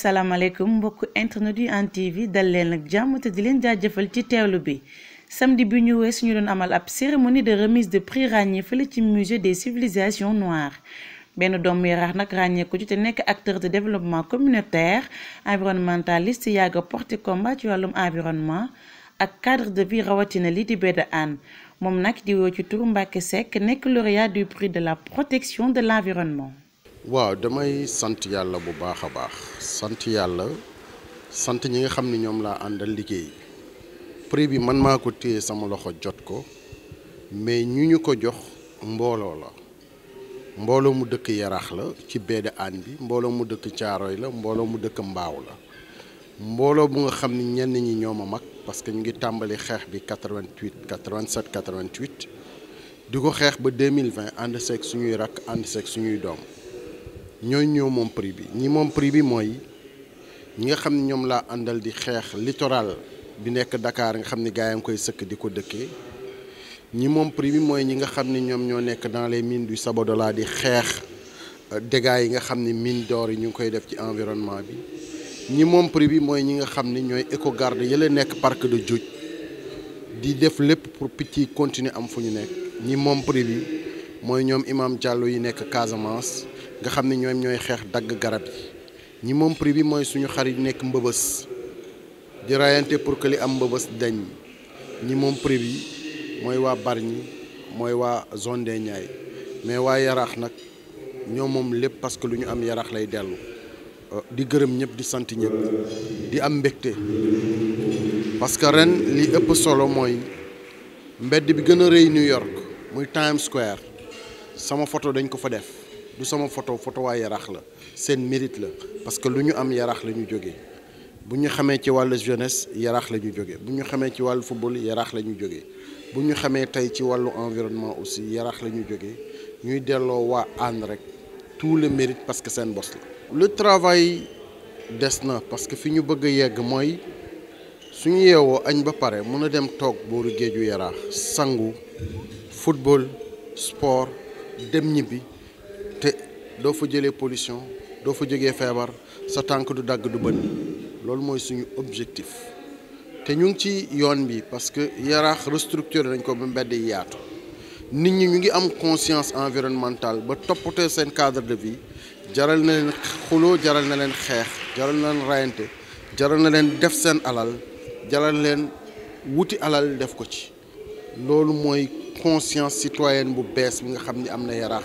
alaikum mbokk internet yu en TV dal leen ak jàmm te di leen ci teewlu bi samedi bi ñu wees ñu doon amal ab cérémonie de remise de prix ràññee fële ci musée des civilisations noires benn doomu Yaraax nag ràññeeku ci te nekk acteur de développement communautaire environnementaliste yàgg a porté combat ci wàllum environnement ak cadre de vie rawatina li di baie de Hann moom nag di woo ci tour Mbacke Seck nekk lauréat du prix de la protection de l'environnement waaw damay sant yàlla bu baax a baax sant yàlla sant ñi nga xam ne ñoom laa àndal liggéey prix bi man maa ko téye sama loxo jot ko mais ñu ñu ko jox mbooloo la mbooloo mu dëkk yarax la ci beede aan bi mbooloo mu dëkk caaroy la mbooloo mu dëkk mbaaw la mbooloo bu nga xam ne ñenn ñi ñoom a mag parce que ñu ngi tàmbali xeex bi 88 87 88 di ko xeex ba 2020 ànd seeg suñuy rakk ànd seeg suñuy doom ñooy ñëw moom prix bi ñi moom prix bi mooy ñi nga xam ne ñoom laa àndal di xeex littoral bi nekk Dakar nga xam ne gaa yi ngi koy sëkk di ko moom prix bi mooy ñi nga xam ni ñoom ñoo nekk dans les mines du Sabodala di xeex euh, dégâts yi nga xam ni mine d'or yi ñu ngi koy def ci environnement bi ñi moom prix bi mooy ñi nga xam ne ñooy écogarde yële nekk parc de juuj di def lépp pour picc yi continue am fu ñu nekk ñi moom prix bi mooy ñoom imam Diallo yi nekk Casamance. nga xam ne ñoom ñooy xeex dagg garab yi ñi moom prix bi mooy suñu xarit nekk mbëbës di rayante pour que li am mbëbës dañ ñi moom prix bi mooy waa Bargny mooy waa zone des Niayes mais waa yaraax nag ñoo moom lépp parce que lu ñu am yaraax lay dellu euh, di gërëm ñëpp di sant ñëpp di am mbégte parce que ren li ëpp solo mooy mbedd bi gën a rëy New York muy Times Square sama photo dañ ko fa def du sama photo photo wa mérite parce que nous am yarax lañu joggé buñu xamé ci jeunesse yarax lañu joggé football yarax lañu joggé ci environnement aussi yarax Nous ñuy tout le mérite parce que c'est un le travail d'Esna, parce que nous bëgg yegg moy suñu ba dem football sport dem te doo fa jëlee pollution doo fa jógee feebar sa tànk du dagg du bënn loolu mooy suñu objectif te ñu ngi ci yoon bi parce que yara restructuré nañ ko ba mbedd yi yaatu nit ñi ñu ngi am conscience environnementale ba toppatee seen cadre de vie jaral na leen xuloo jaral na leen xeex jaral na rayante jaral na def seen alal jaral na wuti alal def ko ci loolu mooy conscience citoyenne bu bees bi nga xam ni am na yaraax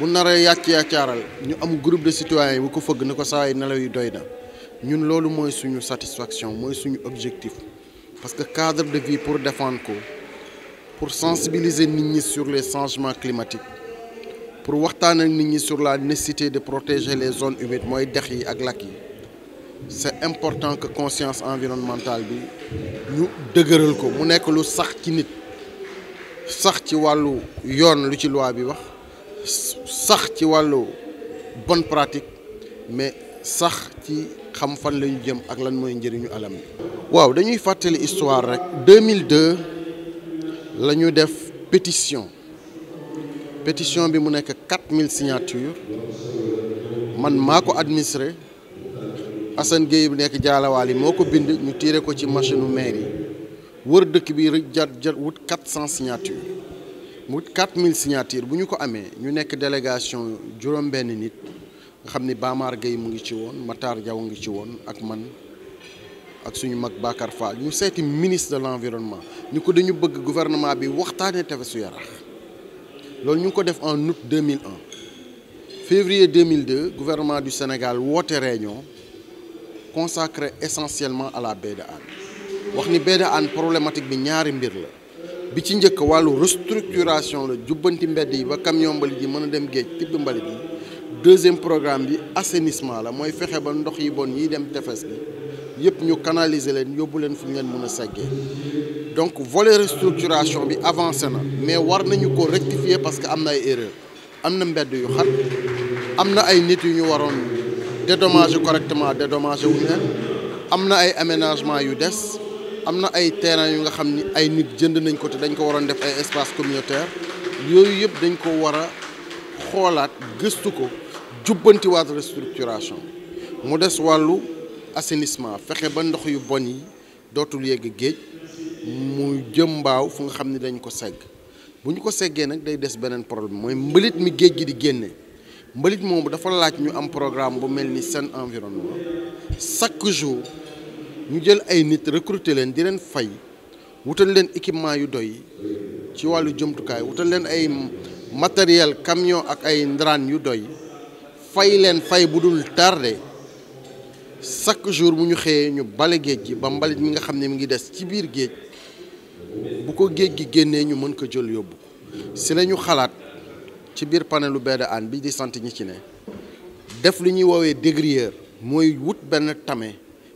bu naree yàcc yàccaaral ñu am groupe de citoyens bu ko fëgg na ko choses, nous nelaw yi satisfaction moy objectif parce que cadre de vie pour défendre pour sensibiliser les gens sur les changements climatiques pour voir sur la nécessité de protéger les zones humides c'est important que conscience environnementale nous ñu dëgëral ko mu nekk lu sax ci nit sax ci sax ci walu bonne pratique mais sax ci xam fan lañu jëm ak lan moy njëriñu alam waaw dañuy fàttali histoire rek 2002 lañu def pétition pétition bi mu nekk 4000 signatures man mako ko administré Assane Gueye bi nekk jaalawaali moko ko bind ñu tiré ko ci machine mairie, maire wër dëkk bi jatt jatt wut 400 signatures 4 4000 signatures bu ñu ko amee ñu délégation de benn nit nga xam Bamar Gueye mu ngi ci Matar Diaw ngi ci woon ak man ak suñu Bakar ministre de l'environnement Nous avons dañu bëgg gouvernement bi waxtaanee tefesu Yarax loolu ñu Nous ko def en août 2001 février 2002 le gouvernement du Sénégal woote réunion consacrée essentiellement à la baie de Hann wax ni baie de problématique bi ñaari bi ci njëkk wàllu restructuration la jubbanti mbedd yi ba camion mbalit yi mën dem géej tibb mbalit yi deuxième programme bi assainissement la mooy fexe ba ndox yi bon yi dem tefes bi yëpp ñu canaliser leen yóbbu leen fu ñu leen mën a seggee donc volet restructuration bi avancé na mais war nañu ko rectifier parce que am na ay erreur am na mbedd yu xat am na ay nit yu ñu waroon dédommager correctement dédommager wuñ leen am na ay aménagement yu des I'm y ay terrain yu nga xamni ay nit jënd nañ ko dañ ko def ay espace communautaire yoyu yëpp dañ ko wara xolaat ko wa restructuration mu dess assainissement fexé ba ndox yu bon yi dotul yegg mu day problème mi gi di programme bu environnement chaque jour ñu jël ay nit recruter leen di leen fay wutal leen équipement yu doy ci wàllu jumtukaay wutal leen ay matériel kamion ak ay ndaraan yu doy fay leen fay bu dul tardé chaque jour bu ñu xëyee ñu bale géej gi ba mbalit mi nga xam ne mi ngi des ci biir géej bu ko géej gi génnee ñu mën ko jël yóbbu si la ñu xalaat ci biir panelu Baie Hann bi di sant ñi ci ne def li ñuy woowee dégrilleur mooy wut benn tame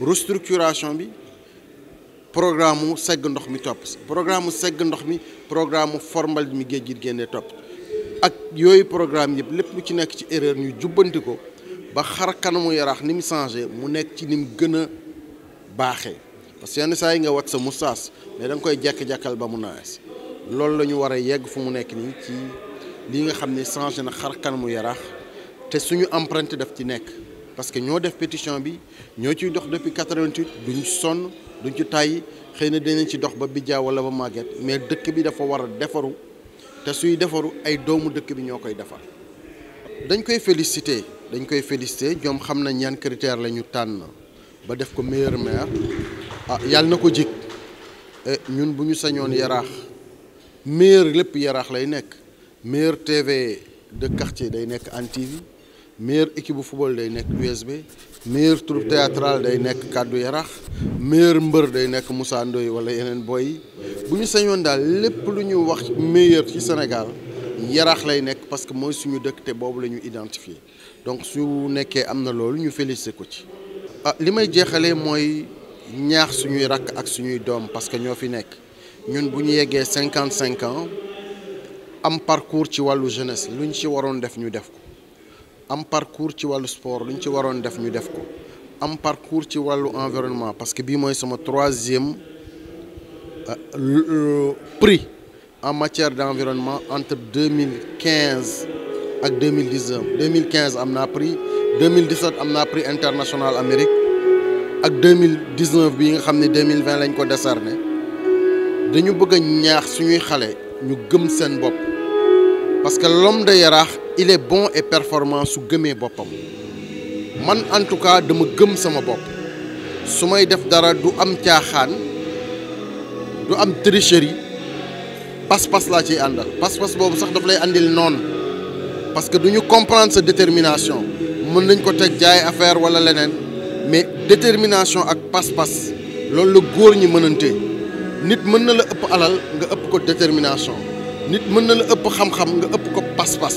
restructuration bi programme mu segg ndox mi topp si programme mu segg ndox mi programme mu formal mi géej gi génne topp ak yooyu programme yëpp lépp lu ci nekk ci erreur ñu jubbanti ko ba xar kanamu yaraax ni mu changé mu nekk ci ni mu gën a baaxee parce yenn saa yi nga wat sa moustache mais da koy jekk jàkkal ba mu nawees loolu la ñu war a yegg fu mu nekk nii ci li nga xam ne changé na xar kanamu yaraax te suñu empreinte daf ci nekk parce que ñoo def pétition bi ñoo ciy dox depuis 88 duñ sonn duñ ci tàyyi xëy na dinañ ci dox ba bijjaa wala ba màgget mais dëkk bi dafa war a defaru te suy defaru ay doomu dëkk bi ñoo koy defar. dañ koy félicité dañ koy félicité ñoom xam na yan critère la ñu tànn ba def ko meilleur maire ah yàlla na ko jig eh, ñun bu ñu sañoon yaraax meilleur lépp yaraax lay nekk meilleur TV de ci day nekk Hann TV. meilleure équipe de football day nek USB meilleur troupe théâtrale day nek Kàddu Yarax meilleur mbeur day nek Moussa Ndoye wala yenen boy buñu sañon dal lepp luñu wax meilleur ci Sénégal Yarax lay nek parce que moy suñu dëkk té bobu lañu identifier donc su nekkee am na loolu ñu féliciter ko ci. ah limay jéxalé moy ñaax suñuy rak ak suñuy doom parce que ñoo fi nekk ñun buñu ñu 55 ans am parcours ci walu jeunesse luñ ci waron def ñu def ko un parcours vois le sport, Je le Un parcours l'environnement, parce que c'est mon troisième euh, euh, prix en matière d'environnement entre 2015 et 2019... 2015, amna prix. 2017, amna prix international Amérique. Et 2019, nous 2020, nous avons décerné. Nous voulons faire des choses. Parce que l'homme de Yarach, il est bon et performant sous gëmee bopam man en tout cas me gëm sama bop su may def dara du am tiaxan du am tricherie pas-pas la ci àndal pas-pas bobu sax daf lay andil non. parce que du comprendre sa détermination mën nañ ko tek jaay affaire wala lenen mais détermination ak pas-pas lolou le góor ñi mënante nit mën na la ëpp alal nga ëpp ko détermination nit mën na la ëpp xam-xam nga ëpp ko pas-pas